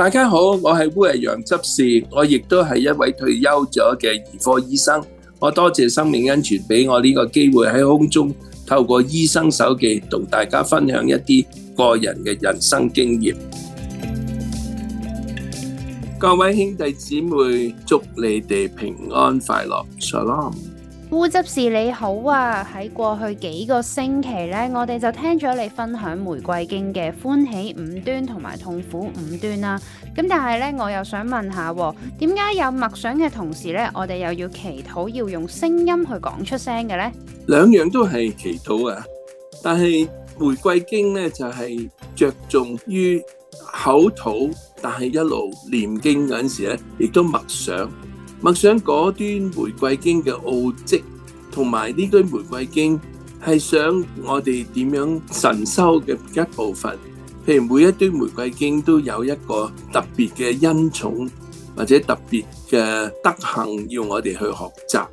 大家好，我係烏羊執事，我亦都係一位退休咗嘅兒科醫生。我多謝生命恩泉俾我呢個機會喺空中透過醫生手記同大家分享一啲個人嘅人生經驗。各位兄弟姊妹，祝你哋平安快樂，Shalom。烏執事你好啊！喺過去幾個星期咧，我哋就聽咗你分享《玫瑰經》嘅歡喜五端同埋痛苦五端啦。咁但係咧，我又想問下，點解有默想嘅同時咧，我哋又要祈禱要用聲音去講出聲嘅咧？兩樣都係祈禱啊！但係《玫瑰經》咧就係着重於口禱，但係一路念經嗰陣時咧，亦都默想。默想嗰端玫瑰經嘅奧跡，同埋呢堆玫瑰經係想我哋點樣神修嘅一部分。譬如每一堆玫瑰經都有一個特別嘅恩寵，或者特別嘅德行要我哋去學習。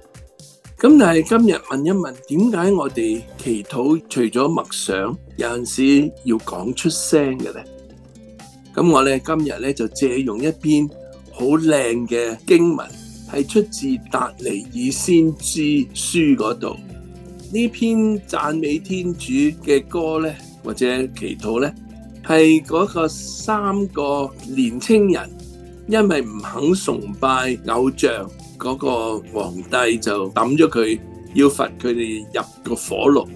咁但係今日問一問，點解我哋祈禱除咗默想，有陣時要講出聲嘅呢？咁我呢今日呢就借用一篇好靚嘅經文。係出自達尼爾先知書嗰度呢篇讚美天主嘅歌呢，或者祈禱呢，係嗰個三個年青人，因為唔肯崇拜偶像，嗰個皇帝就抌咗佢，要罰佢哋入個火爐，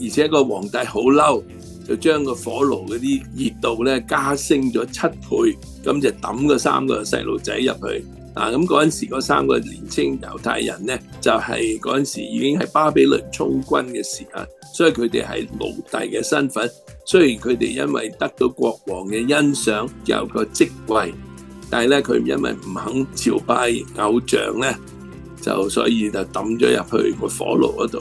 而且個皇帝好嬲，就將個火爐嗰啲熱度呢加升咗七倍，咁就抌個三個細路仔入去。嗱咁嗰陣時，嗰三個年青猶太人咧，就係嗰陣時已經係巴比倫充軍嘅時間，所以佢哋係奴隸嘅身份。雖然佢哋因為得到國王嘅欣賞，有個職位，但係咧佢因為唔肯朝拜偶像咧，就所以就抌咗入去個火爐嗰度。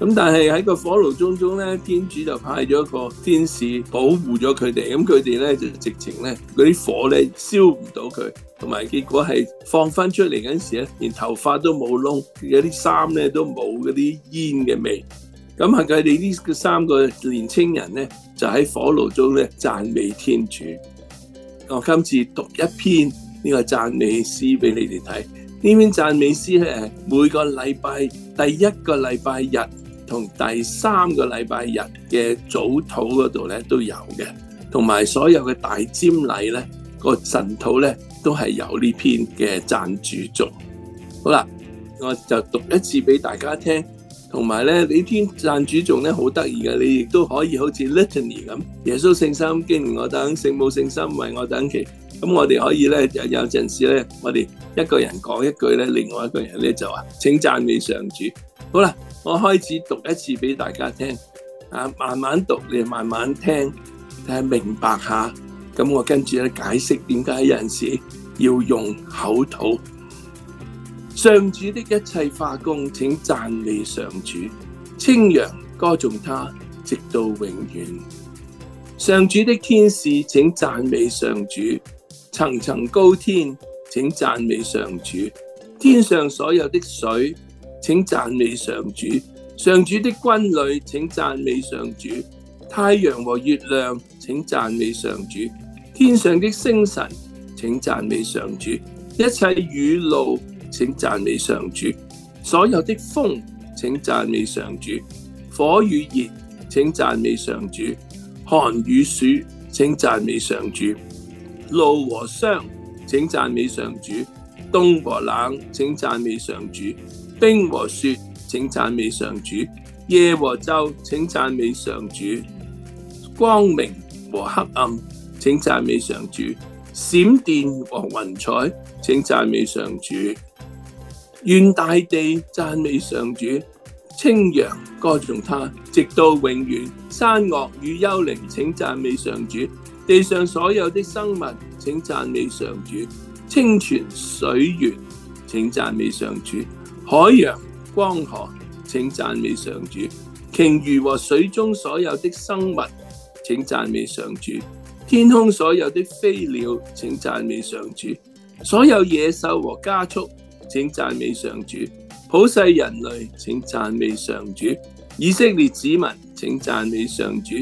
咁但係喺個火爐中中咧，天主就派咗一個天使保護咗佢哋。咁佢哋咧就直情咧嗰啲火咧燒唔到佢。同埋，結果係放翻出嚟嗰陣時咧，連頭髮都冇燶，有啲衫咧都冇嗰啲煙嘅味。咁係，佢哋呢三個年青人咧，就喺火爐中咧讚美天主。我今次讀一篇呢個讚美詩俾你哋睇。呢篇讚美詩咧，每個禮拜第一個禮拜日同第三個禮拜日嘅早禱嗰度咧都有嘅，同埋所有嘅大瞻禮咧、個晨禱咧。都係有呢篇嘅讚主頌，好啦，我就讀一次俾大家聽，同埋咧呢篇讚主頌咧好得意嘅，你亦都可以好似 Litany 咁，耶穌聖心，紀念我等，聖母聖心，為我等祈，咁我哋可以咧有有陣時咧，我哋一個人講一句咧，另外一個人咧就話，請讚美上主，好啦，我開始讀一次俾大家聽，啊，慢慢讀，你慢慢聽，睇下明白下。咁我跟住咧解釋點解有陣時要用口，吐上主的一切化工，請讚美上主，頌揚歌頌他直到永遠。上主的天使，請讚美上主；層層高天，請讚美上主；天上所有的水，請讚美上主；上主的軍旅，請讚美上主；太陽和月亮，請讚美上主。天上的星辰，請讚美上主；一切雨露，請讚美上主；所有的風，請讚美上主；火與熱，請讚美上主；寒與暑，請讚美上主；露和霜，請讚美上主；凍和冷，請讚美上主；冰和雪，請讚美上主；夜和晝，請讚美上主；光明和黑暗，請讚美上主，閃電和雲彩，請讚美上主，願大地讚美上主，頌揚歌頌他，直到永遠。山岳與幽靈，請讚美上主，地上所有的生物，請讚美上主，清泉水源，請讚美上主，海洋江河，請讚美上主，鯨魚和水中所有的生物，請讚美上主。天空所有的飛鳥，請讚美上主；所有野獸和家畜，請讚美上主；普世人類，請讚美上主；以色列子民，請讚美上主；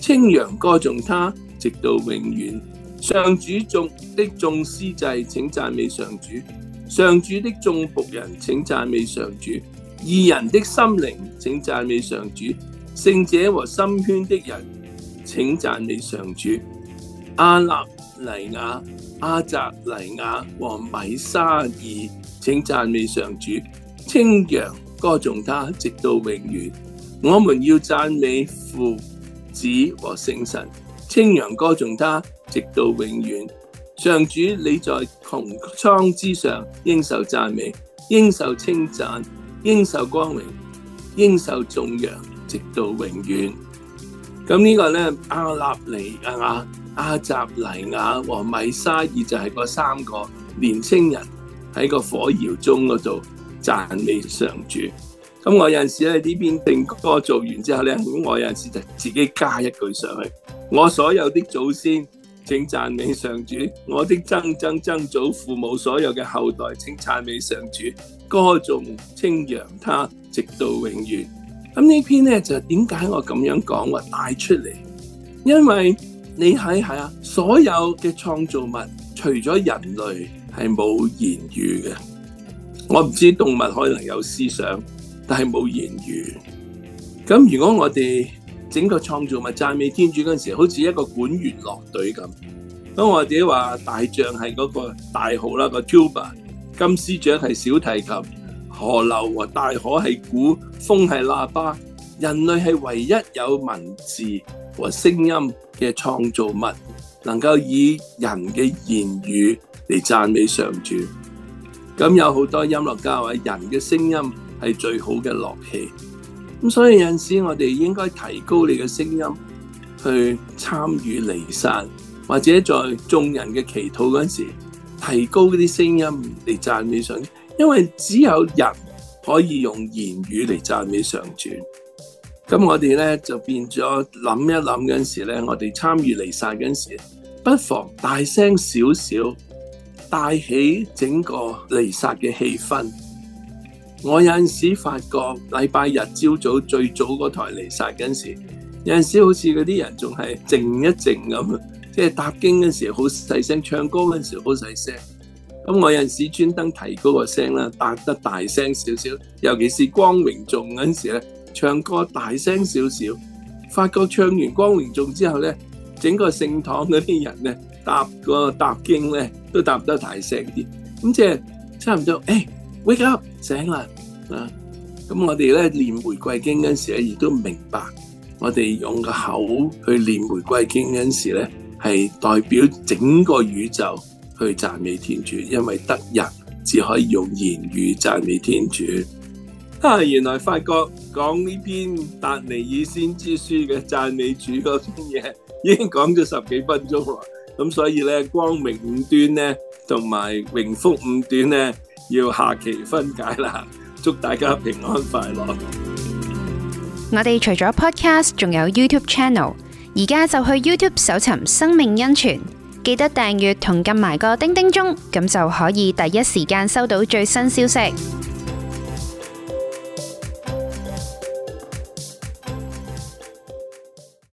清揚歌頌他，直到永遠。上主眾的眾司祭，請讚美上主；上主的眾僕人，請讚美上主；義人的心靈，請讚美上主；聖者和心圈的人，請讚美上主。阿納尼亞、阿澤尼亞和米沙爾，請讚美上主，稱揚歌頌他直到永遠。我們要讚美父、子和聖神，稱揚歌頌他直到永遠。上主，你在穹蒼之上，應受讚美，應受稱讚，應受光榮，應受頌揚，直到永遠。咁呢個咧，阿納尼亞、阿扎尼亞和米沙爾就係嗰三個年青人喺個火窯中嗰度讚美上主。咁我有陣時喺呢邊定歌做完之後咧，我有陣時就自己加一句上去：我所有的祖先請讚美上主，我的曾曾曾祖父母所有嘅後代請讚美上主，歌頌稱揚他直到永遠。咁呢篇咧就點解我咁樣講話帶出嚟？因為你睇下，啊，所有嘅創造物除咗人類係冇言語嘅。我唔知動物可能有思想，但係冇言語。咁如果我哋整個創造物讚美天主嗰陣時，好似一個管弦樂隊咁。咁我自己話大象係嗰個大號啦，個 tuba 金司長係小提琴。河流和大海係鼓，風係喇叭，人類係唯一有文字和聲音嘅創造物，能夠以人嘅言語嚟讚美上主。咁有好多音樂家話，人嘅聲音係最好嘅樂器。咁所以有陣時，我哋應該提高你嘅聲音去參與彌撒，或者在眾人嘅祈禱嗰陣時候，提高嗰啲聲音嚟讚美上。因為只有人可以用言語嚟讚美上主，咁我哋咧就變咗諗一諗嗰陣時咧，我哋參與彌撒嗰陣時，不妨大聲少少，帶起整個彌撒嘅氣氛。我有陣時發覺禮拜日朝早，早最早嗰台彌撒嗰陣時，有陣時好似嗰啲人仲係靜一靜咁，即係搭經嗰陣時好細聲，唱歌嗰陣時好細聲。咁我有陣時專登提高個聲啦，答得大聲少少，尤其是光榮頌嗰陣時咧，唱歌大聲少少，發覺唱完光榮頌之後咧，整個聖堂嗰啲人咧，答個答經咧，都答得大聲啲。咁即係差唔多，誒、欸、wake up 醒啦啊！咁我哋咧念玫瑰經嗰陣時咧，亦都明白，我哋用個口去念玫瑰經嗰陣時咧，係代表整個宇宙。去讚美天主，因為得人只可以用言語讚美天主。啊，原來發覺講呢篇達尼爾先知書嘅讚美主嗰啲嘢，已經講咗十幾分鐘啦。咁所以呢，光明五端呢，同埋榮福五端呢，要下期分解啦。祝大家平安快樂。我哋除咗 Podcast，仲有 YouTube Channel，而家就去 YouTube 搜尋生命恩泉。記得訂閱同撳埋個叮叮鐘，咁就可以第一時間收到最新消息。